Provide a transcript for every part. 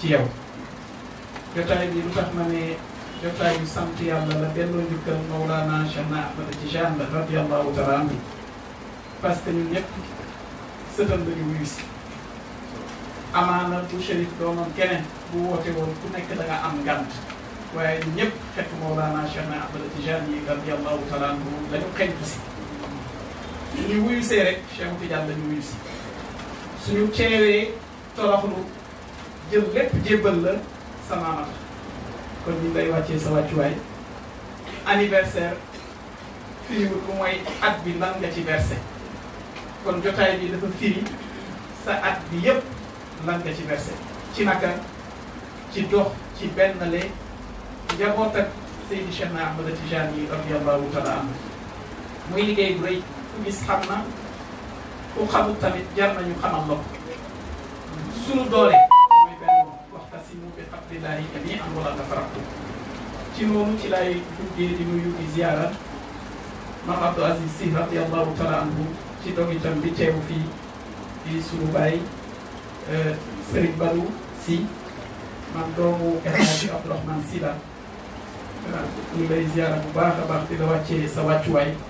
ci yow jotaay bi lu tax ma ne jotaay bi sant yàlla la delloo njukkal Mawlana Cheikh na Ahmada Tijaan la radiyallahu taala anhu parce que ñun ñëpp sëtam la ñu wuyu amaana bu Chérif doomam keneen bu woote woon ku nekk da nga am ngant waaye ñëpp fekk Mawlana Cheikh na Ahmada Tijaan yi radiyallahu taala la ñu xeñ si ñu wuyu rek Cheikh Tidiane la ñu wuyu si suñu teewee toroxlu jël lépp jébbal la sa maama kon ñu lay wàccee sa wàccuwaay anniversaire firiwul bu mooy at bi lan nga ci versé kon jotaay bi dafa firi sa at bi yépp lan ci versé ci naka ci dox ci benn le njaboot ak Seydi Cheikh na Ahmada Tijaan yi radiyallahu taala muy liggéey bu rëy ku xam na ku xamul tamit jar nañu xamal la ko sunu doole wa'tasimu bi hablillahi jami'an wa la tafarraqu ci noonu ci laay duggee di nuyu di ziara maam Abdou Aziz Sy radiyallahu taala ci doomi itam bi teewu fii di sunu baay euh, Serigne man doomu El Hadji Abdourahmane Sylla ñu lay ziara bu baax a baax di la wàccee sa wàccuwaay.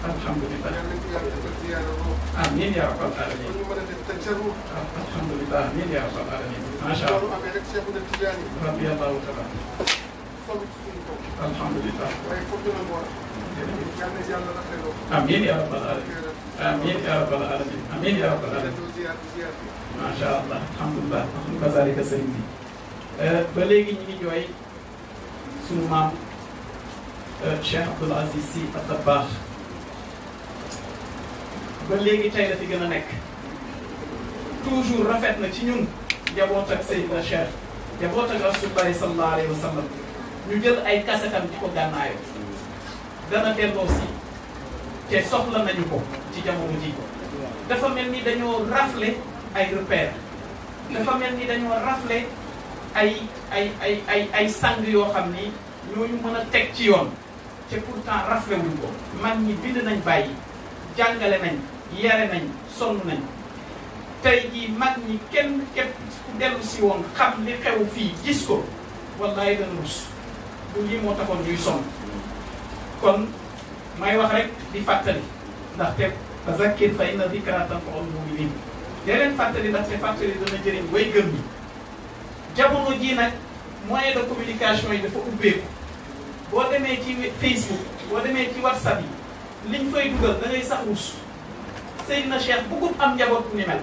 alhamdulilah amiin yaa rabbal aalamiin allah rabbi allahu taala alhamdulilah amiin yaa rabbal aalamiin amiin yaa rabbal aalamiin amiin yaa rabbal ba léegi tey la gën a nekk toujours rafet na ci ñun jaboot ak Seydina Cheikh jaboot ak Rasulullahi sallallahu alayhi wa bi ñu jël ay kasetam di ko gànnaayoo dana delloo si te soxla nañu ko ci jamono ji dafa mel ni dañoo rafle ay repère dafa mel ni dañoo rafle ay ay ay ay ay sang yoo xam ni ñooñu mën a teg ci yoon te pourtant raflewuñ ko mag ñi bind nañ bàyyi jàngale nañ yare nañ sonn nañ tey jii mag ñi kenn képp ku dellu si woon xam li xew fii gis ko wallaay dana rus bu lii moo taxoon ñuy sonn kon may wax rek di fàttali ndaxte fa zakkir fa inna zikra tanfa'ul mu'minin dee leen fàttali ndaxte fàttali dana jëriñ way gëm ñi jamono jii nag moyen de communication yi dafa ubbeeku boo demee ci Facebook boo demee ci WhatsApp yi liñ fay dugal da sax rus Seydina Cheikh bëggul am njaboot bu ni mel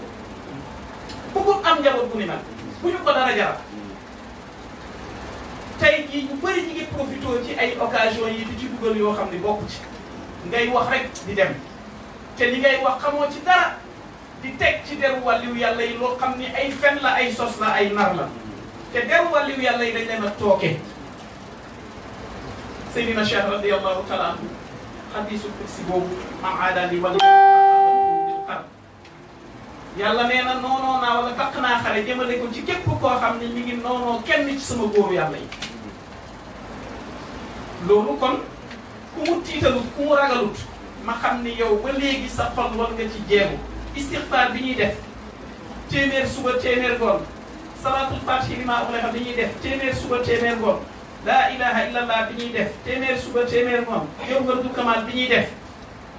bëggul am njaboot bu ni mel bu ñu ko dara jaral tey jii ñu bëri ñi ngi profité ci ay occasion yi di ci dugal yoo xam ne bokk ci ngay wax rek di dem te li ngay wax xamoo ci dara di teg ci deru wàlliw yàlla yi loo xam ni ay fen la ay sos la ay nar la te deru wàlliw yàlla yi dañ leen a tooke Seydina Cheikh radiyallahu taala anhu xadiisul boobu am aada li wàllu yàlla nee na noonoo naa wala daq naa xare jëmale ko ci képp koo xam ne mi ngi noonoo kenn ci sama góoru yàlla yi loolu kon ku mu tiitalut ku mu ragalut ma xam ne yow ba léegi sa xol war nga ci jeemu istixfaar bi ñuy def téeméer suba téeméer goon salaatul faatihi li maa ulexa bi ñuy def téeméer suba téeméer goon laa ilaha illallah bi ñuy def téeméer suba téeméer goon yow nga du bi ñuy def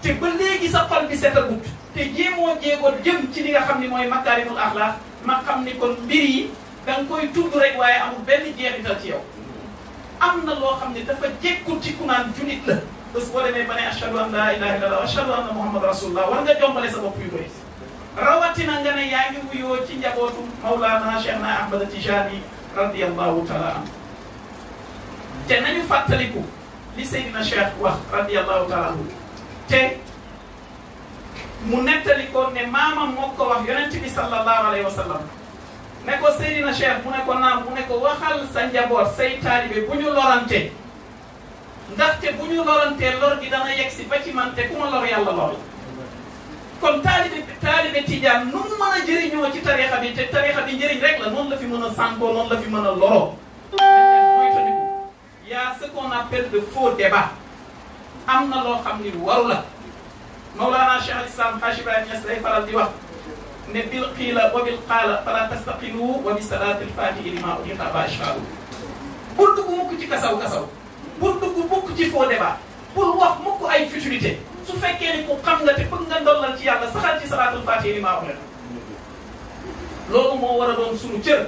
te ba léegi sa xol bi set agut te jéemoo jéego jëm ci li nga xam ni mooy makaarimul axlaaq ma xam ni kon mbir yi da nga koy tudd rek waaye amul benn jeexital ci yow am na loo xam ne dafa jekkul ci ku naan julit la bés boo demee ba ne ashhadu an laa ilaaha illallaah wa ashhadu anna muhammad rasulullah war nga jombale sa bopp yu bëri rawatina nga ne yaa ngi wuyoo ci njabootu Mawlana Cheikhna Ahmad Tijani radiyallahu taala anhu te nañu fàttaliku li Seydina Cheikh wax radiyallahu taala anhu te mu nettali ko ne maamam moo ko wax yonent bi sallallahu alayhi wa ne ko Seydina Cheikh mu ne ko naam mu ne ko waxal sa njaboot say taalibe bu ñu lorante ndaxte bu ñu lorante lor gi dana yegg si ba ci man te ku lor yàlla lor kon taalibe taalibe tijaan nu mu mën a ci tarixa bi te tarixa bi njëriñ rek la noonu la fi mën a sànkoo noonu la fi mën a loroo mooy taniku y'a ce qu'on de faux am na loo xam ni waru la Mawlana Cheikh al-Islam Haji Ibrahima Niass lay faral di wax ne bil qiila wa bil qaala fala tastaqilu wa bi salaati al-faatihi lima udiqa bashaaru bul dugg mukk ci kasaw kasaw bul dugg mukk ci faux débat bul wax mukk ay futilité su fekkee ni ku xam nga te bëgg nga ndollal ci yàlla saxal ci salaatul faatihi lima udiqa loolu moo war a doon sunu cër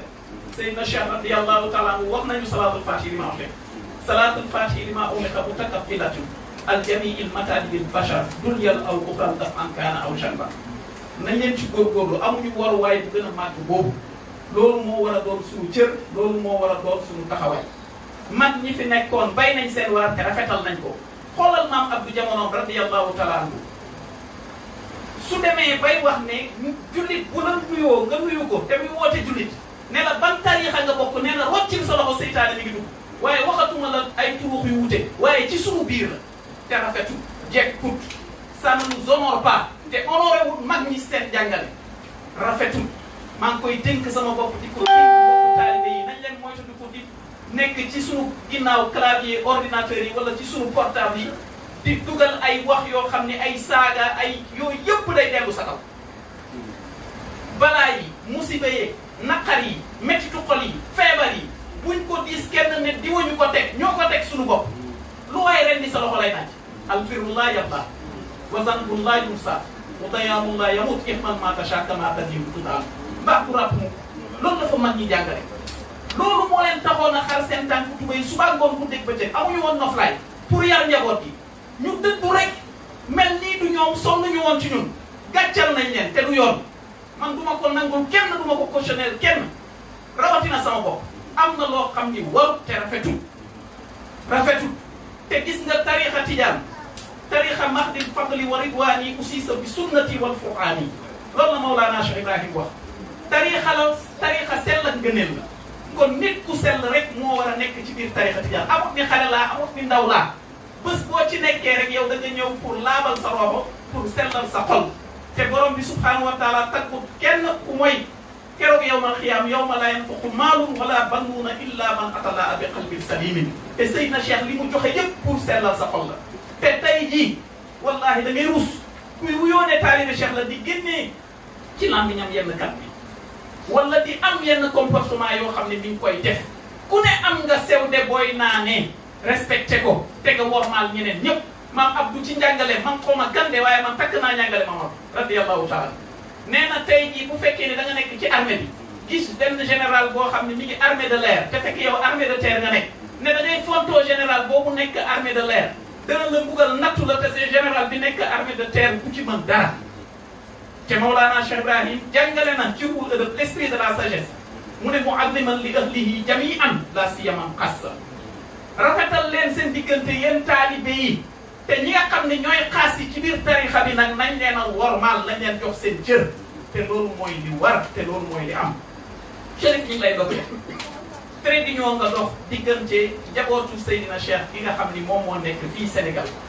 Seydina Cheikh radiyallahu taala wax nañu salaatul faatihi lima udiqa salaatul faatihi lima udiqa bu an jamii il matalibil bachar dunyal aw uxral daf an kaana aw chanba nañ leen ci góorgóorlu amuñu waruwaay bu gën a màgg boobu loolu moo war a doon suñu cër loolu moo war a doon suñu taxawaay mag ñi fi nekkoon bay nañ seen waar te rafetal nañ ko xoolal maam Abdou jamonoom radiyallahu taala anhu su demee bay wax ne jullit bu la nuyoo nga nuyu ko te muy woote jullit ne la ban tariixa nga bokk nee na roccil sa loxo seytaane mi ngi dugg waaye waxatuma ay turux yu wute waaye ci suñu biir la te rafetu jekkut ça ne nous honore pas te honoré wul mag ñi seen jàngale rafetul maa ngi koy dénk sama bopp di ko dénk bopp taalibe yi leen moytu di ko di nekk ci sunu ginnaaw clavier yi wala ci sunu portable yi di dugal ay wax yoo xam ni ay saaga ay yooyu yëpp day dellu sa kaw balaa yi musiba yi naqar yi méttitu xol yi feebar yi buñ ko diis kenn ne di wañu ko teg ñoo ko teg sunu bopp lu waaye ren sa loxo lay naaj albirru laa yabla wa zanbun laa yunsa wa dayaamu laa yamut ihmal maa tashaa kamaa tadiimu tudaa mbaax ku ràpp mu loolu dafa mag ñi jàngale loolu moo leen taxoon a xar seen tànk tubéy suba ngoon ku dégg bëccëg amuñu woon noflaay pour yar njaboot gi ñu dëddu rek mel nii du ñoom sonn ñu woon ci ñun gàccal nañ leen te du yoon man du ma ko nangul kenn du ma ko cautionner kenn rawatina sama bopp am na loo xam ni warut te rafetul te gis nga tariixa cheikha mahdil fadli wa ridwani usiisa bi sunnati wal furqaani loolu la Mawlaana Cheikh Ibrahim wax tariixa la tariixa sell ak ngëneel la kon nit ku sell rek moo war a nekk ci biir tariixa tijaan amut ni xale laa amut ni ndaw laa bés boo ci nekkee rek yow da nga ñëw pour laabal sa roxo pour sellal sa xol te borom bi subhaanahu wa taala takkut kenn ku mooy keroog yawmal xiyaam yawma laa yanfaqu maalun wala banuuna illa man atalaa bi qalbin salimin te Seydina Cheikh li mu joxe yëpp pour sellal sa xol la te tey jii wallahi da ngay rus kuy wuyoo ne taalibe Cheikh la di génnee ci làmmiñam yenn kat bi wala di am yenn comportement yoo xam ne mi ngi koy def ku ne am nga sew de naa ne respecté ko te nga wormaal ñeneen ñëpp maam Abdou ci njàngale man xaw ma gande waaye man takk naa njàngale maam Abdou radiyallahu taala nee na tey jii bu fekkee ne da nekk ci armée bi gis benn général boo xam ne mi ngi armée de l'air te fekk yow armée de terre nga nekk ne da ngay nekk armée de l'air dana a mbugal nattu la te c'est nekk armée de terre bu ci mën dara te Mawlana Cheikh Ibrahim jàngale na ci ruur ëllëg l'esprit a la sagesse mu ne mu alliman li ahlihi jami'an la siyamam xassa rafetal leen seen diggante yéen taalibe yi te ñi nga xam ne ñooy xaas yi ci biir tarixa bi nag nañ leen a wormaal nañ leen jox seen jër te loolu mooy li war te loolu mooy li am chérif ñi lay doge trait d'union nga dox diggante njabootu Seydina Cheikh gi nga xam ni moom moo nekk fii Sénégal